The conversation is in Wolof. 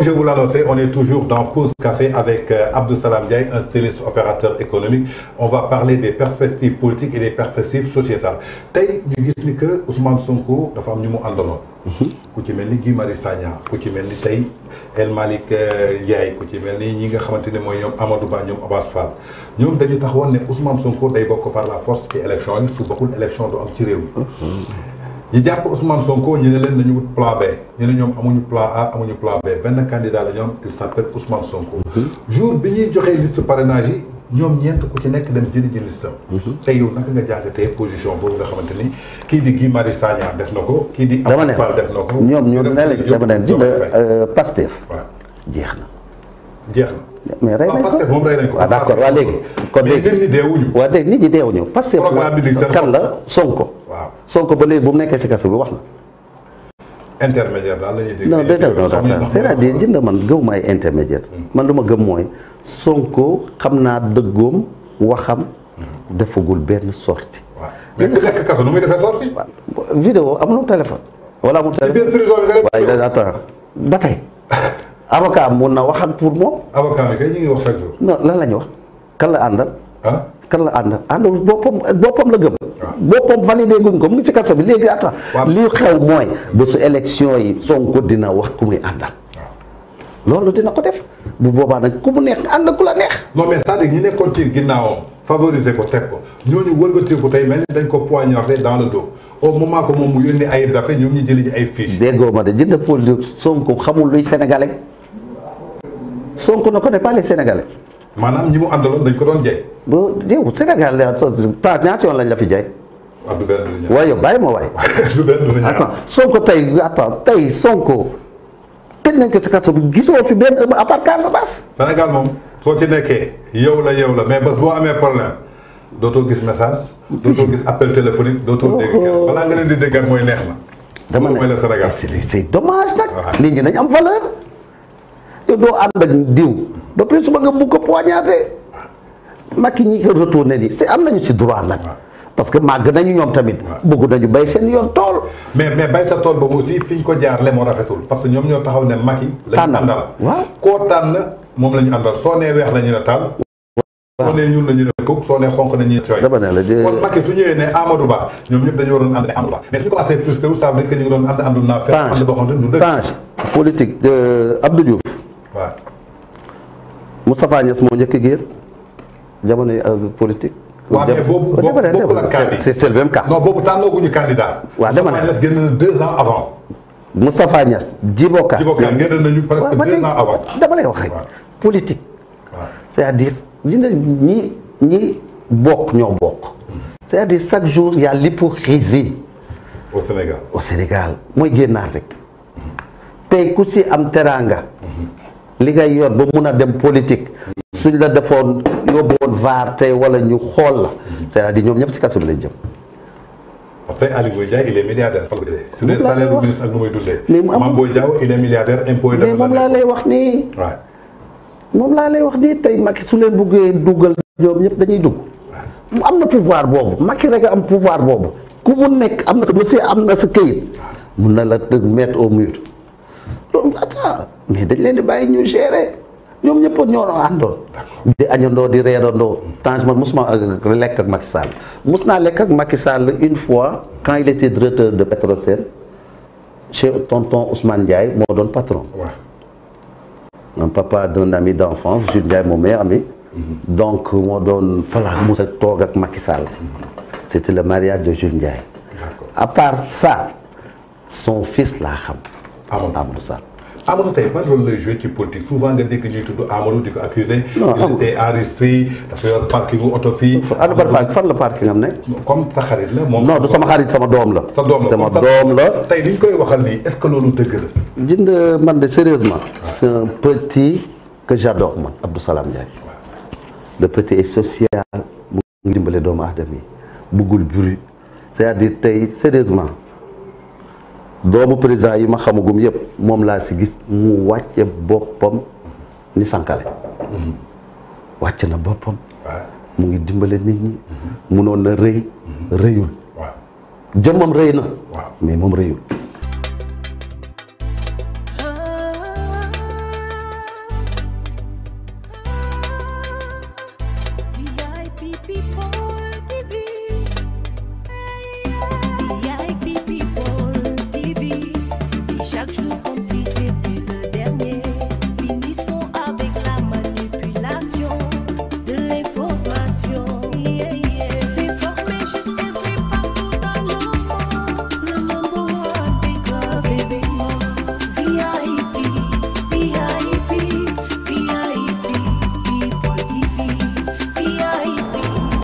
Comme je vous l'annonçais, on est toujours dans Pause Café avec euh, Abdou Salam Diaye, un styliste opérateur économique. On va parler des perspectives politiques et des perspectives sociétales. Tay, ñu gis que Ousmane Sonko dafa am ñu en train de ci mel ni Guy Marius Sagna ku ci mel ni El Malick euh, Ndiaye ku ci mel ñi nga xamante ne mooy Amadou Ba ñoom Abass Fall ñoom dañu taxawoon ne Ousmane Sonko day bokk par la force ci élection yi su bokkul élection du am ci réew ñi jàpp Ousmane Sonko ñu ne leen nañu wut plan B ñu ne ñoom amuñu plan A amuñu plan B benn candidat la ñoom il s'appelle Ousmane Sonko. Mhm. jour bi ñuy joxee liste parrainage ñoom ñeent ku ci nekk dem jëli ji listam. Mhm. tey yow naka nga jàngatee position boobu nga xamante ni kii di Guy Marius Sagna def na ko. kii di Amadou Fall def ko ñoom ñoo ne la dama ne di la euh, euh, Pastef. waaw jeex na. jeex na mais rey ah, nañ ko moom ko. waaw ah, d'accord waa léegi. kon léegi nit ñi deewuñu. waa léegi nit ñi deewuñu Pastef kan la Sonko waaw Sonko ba léegi bu mu nekkee si kaso bi wax na. intermédiaire la ñuy man gëw ma hmm. man lu ma gëm mooy Sonko xam naa dëggoom waxam. Hmm. defagul benn sortie. waaw mais ku nekk kaso nu muy defee téléphone. wala amul téléphone ba tey avocat mun na wax pour moom. la ñu wax. kan la àndal. ah la àndal boppam boppam la gëm. bopam validé guñ ko mu ngi ci kasso bi léegi atta li xew mooy bu su élection yi Sonko dina wax ku muy àndal loolu dina ko def bu boobaa nag ku mu neex and ku la neex non mais ça à dire ñi nekkon ci ginnaawam favoriser ko teg ko ñooñu wëlbeuti ko tay mel dañ ko poignardé dans le dos au moment ko moom mu yónni ay dafe ñoom ñu jëli ji ay fiche dégo ma de jënd politique Sonko xamul luy sénégalais Sonko ne connaît pas les sénégalais maanaam ñi mu àndaloon dañ ko doon jey. bo jey Sénégal daa ñaata yoon lañ la fi jey. Wahyo, ya, Gandu mau waaye bàyyi ma waaye. Abdou Gandu Niang attends Sonko tey attends tey Sonko tëj nañ ko ci kaso bi gisoo fi benn à part Casamance. Sénégal moom soo ci nekkee yow la yow la mais bés boo amee problème dootoo gis message. dootoo gis appel téléphonique dootoo dégg kenn ya. nga di dégg mooy neex dama ne c'est eh, dommage nag. nit ñi nañ am valeur. yow doo ànd ak diw ba pare suba nga bugg ko poignardé. Macky ñi c'est am droit parce que màgg nañu ñoom tamit. bëgg nañu bay seen yoon tool. mais mais bay sa tool boobu aussi fi ñu ko jaarale moo rafetul parce que ñoom ñoo taxaw ne Macky. tànn la ñu àndal waaw koo tànn moom la ñu àndal soo nee weex la ñu ne taal. waaw soo nee ñuul la ñu ne kuk soo nee xonk la ne. dama ne la ne Amadou Ba ñoom ñëpp dañu waroon ñu commencé frustré wu ça veut dire que ñu ngi doon ànd àndu naa. fekk ànd boo xam ne du dëgg. Tange politique de euh, Abdou Diouf. waaw Moustapha Niass moo njëkk géer jamono yi euh, politique o boobu boobu ka non boobu tànnooguñu candidat. waaw dama ne Moustapha Niass génn na deux ans avant. Moustapha Niass Djibo Ka. Djibo Ka génn nañu presque deux ans avant. dama lay wax rek politique. c'est-à-dire dina ñi ñi bokk ñoo bokk. c'est-à-dire chaque jour y a l'hypocrisie au Sénégal au Sénégal mooy génnaar rek. tey ku si am teraanga. li ngay yor ba mun a dem politique. suñ la defoon yóbbu woon vaar tey wala ñu xool la cest à ñoom ñëpp si kaso bi lañ jëm. parce que Aly Ngouille Ndiaye il est milliardaire. su dee mais am Mame Boye Diao il est milliardaire impôt mais moom laa lay wax nii. waaw moom laa lay wax nii tey Macky su leen buggee duggal ñoom ñëpp dañuy dugg. mu am na pouvoir boobu Macky rek am pouvoir boobu ku mu nekk am na sa dossier am na sa këyit. mun na la dëgg mettre au mur loolu mais dañ leen di bàyyi ñu gérer. ñom ñepp ñoro àndoon. di añandoo di reerandoo. Tange man mosuma euh, lekk ak Macky Sall mos naa lekk ak Macky Sall une fois quand il était directeur de Petrocel chez tonton Ousmane Ndiaye mo donne patron. Mon papa d'un ami d'enfance Jules Ndiaye mon meilleur ami. Mm-hmm. donc mo donne, fala mos tog ak Macky Sall. Mm-hmm. c'était le mariage de Jules Ndiaye. à part ça son fils l'a xam. Amadou Sall. Amadou tey de rôle lay joué qui politique souvent nga dégg tout tudd Amadou di il accusé. non amul il a fait un parking auto oto alors par ban le fan parking am comme sa xarit la moom. non de sama xarit ça doom la. sa doom la sama doom la. tey koy waxal est-ce que loolu te la. gis nga man de sérieusement. c'est un petit que j'adore man Abdou Salam Ndiaye. le petit est social mu ngi dimbale doomu aadama yi de bruit c'est-à-dire sérieusement. doomu président yi ma xamagum yëpp moom laa si gis mu wàcce boppam ni Sankharé mm-hmm. wàcc na boppam mu ngi dimbale nit ñi mm-hmm. munoon na rëy mm-hmm. rëyul jëmmam rëy na mais moom rëyul